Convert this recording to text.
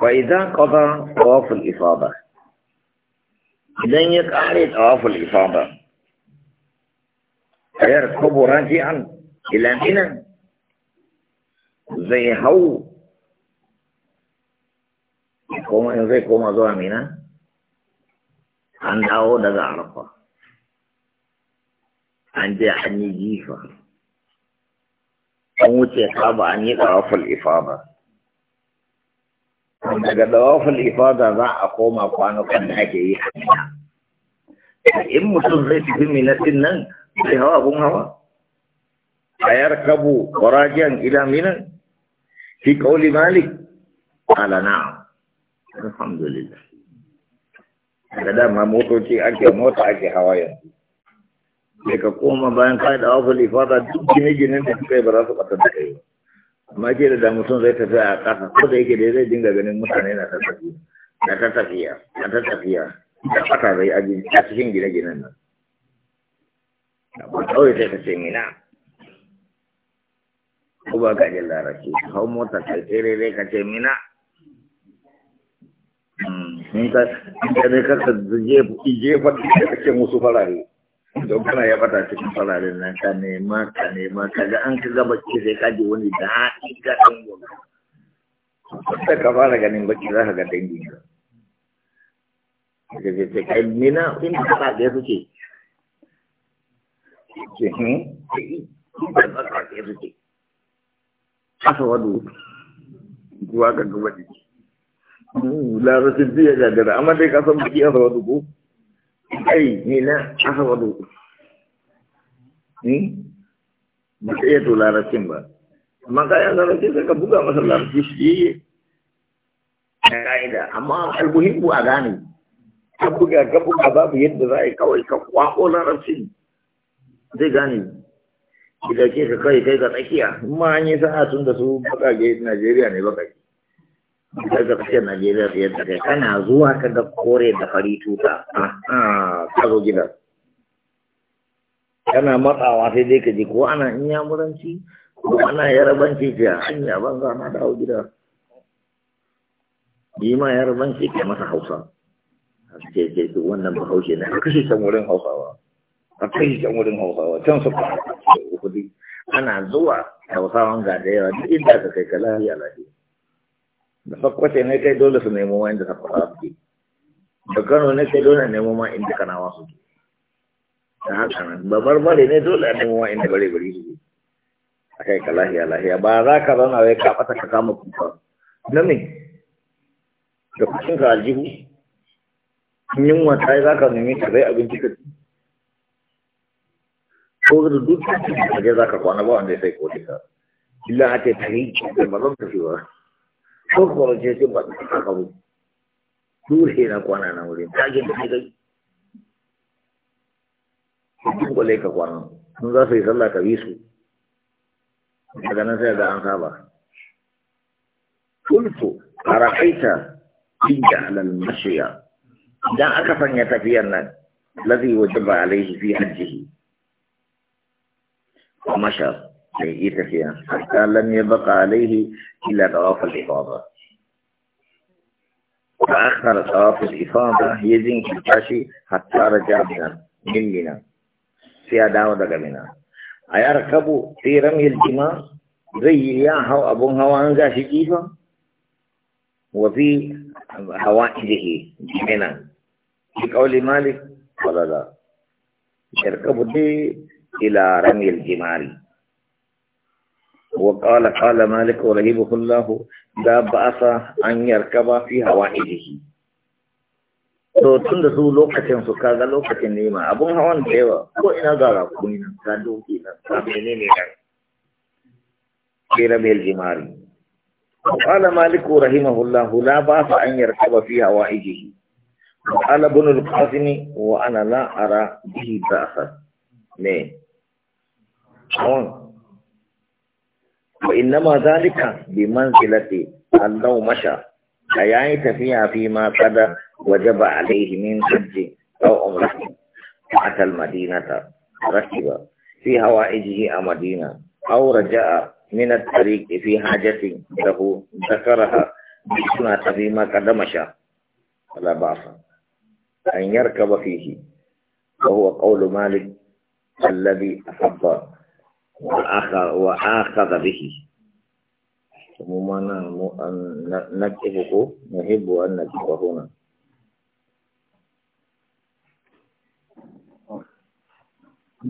فإذا قضى طواف الإفاضة إذا يقعد طواف الإفاضة فيركب راجعا إلى منى زي هو كما زي كما زوا منى عند dawo daga عرفة عند حني جيفة yi jifa أن wuce kaba الإفاضة daga dawaful ifada za a koma kwanukan da ake yi in mutum zai tafi minatin nan zai hawa abun hawa a yarkabu warajiyar ila minan fi kauli malik ala na'am alhamdulillah da dama motoci ake mota ake hawa yanzu sai ka koma bayan kai da ifada duk gine-ginen da suka yi ba za su ɓata da kai ba amma ke da mutum zai tafi a ƙasa ko da yake da zai dinga ganin mutane na ta tafiya na ta tafiya na ta da fata zai aji a cikin gine-ginen nan ba kawai sai ka ce mina ko ba ka jin larabci ka hau mota ka tsere zai ka ce mina hmm, in ka zai ka jefa da kake musu farare dogara ya fata cikin fararen nan ka nema ka nema ka ga an ka gaba sai ka ji wani da daɗi ga ɗan gobe da ka fara ganin baki za ka ga dangi ka ka ce kai nina in ka ta ga su ce hin ba ba ka ce ka asa wadu kuwa ga gaba ne hmm, larabcin biya gagara amma dai ka san baki a wadu ko ai ni na aka wadu ni hmm? ba ka iya to ba amma yan larabcin sai ka buga masa larabci shi yi ka'ida amma albuhimmu a gane ka buga ka buga babu yadda za a yi kawai ka kwako larabcin zai gane ki ke ka kai kai ga tsakiya in ma an yi sa'a tun da su bakage Najeriya ne bakage daga na Najeriya da yadda kai kana zuwa ka ga kore da fari tuta ka zo gidan kana matsawa sai dai ka ji ko ana in muranci ko ana yarabanci ce a hanya ban za da dawo gida yi ma yarabanci ke masa hausa a ce ce su wannan bahaushe na kashe can wurin hausawa a kashe can wurin hausawa can su ba ana zuwa hausawan ga da yawa duk inda ka kai ka lafiya lafiya da sai ne kai dole su nemo wanda ta fara su da kano ne kai dole nemo ma inda kana su da haka nan ba barbare ne dole a nemo ma inda bare bare su a kai ka lahiya lahiya ba za ka zauna wai ka fata ka kama kuka na me da kucin ka aljihu yunwa ta yi za ka nemi ta zai abinci ka ci ko da dukkan cikin kaje za ka kwana ba wanda ya sai kodika illa a ce ta yi cikin ba zan tafi ba ko kwarace shi ba ta karu dole na kwana na wuri ta gina shi kai cikin kwale ka kwana sun za su yi sallah ka bi su daga nan sai ga an saba kultu a ra'aita in ja'alal mashiya idan aka sanya tafiyar nan lazi wajaba alaihi fi hajjihi wa mashar حتى لم يبقى عليه إلا طواف الإفاضة فأخر طواف الإفاضة يزين كتاشي حتى رجع من منا في أداوة بنا أيركب في رمي الجمار زي ياهو أبو هوا أنزا شكيفا وفي حوائده جمنا في قول مالك قال لا يركب دي إلى رمي الجمار وقال قال مالك رحمه الله لا بأس أن يركب في هوائده to tun da su lokacin su kaga lokacin nema abun hawan da yawa ko ina ga rakumi nan ka doki na? Ta mene ne nan kira mai jimari qala malik rahimahullah la ba fa an yarkaba fi hawaijihi qala ibn al-qasim wa ana la ara bihi ba'sa ne on fa inna ma zalika bi manzilati allahu masha ayi tafiya fi ma qada wajaba alayhi min hajji aw umrah ata al madinata rakiba fi hawaijihi a madina aw ja'a! min at tariq fi hajati lahu dakaraha sunna tabi ma qada masha ka ba'sa an yarkaba fihi وهو قول مالك الذي أحبه wa akhadha bihi mu ko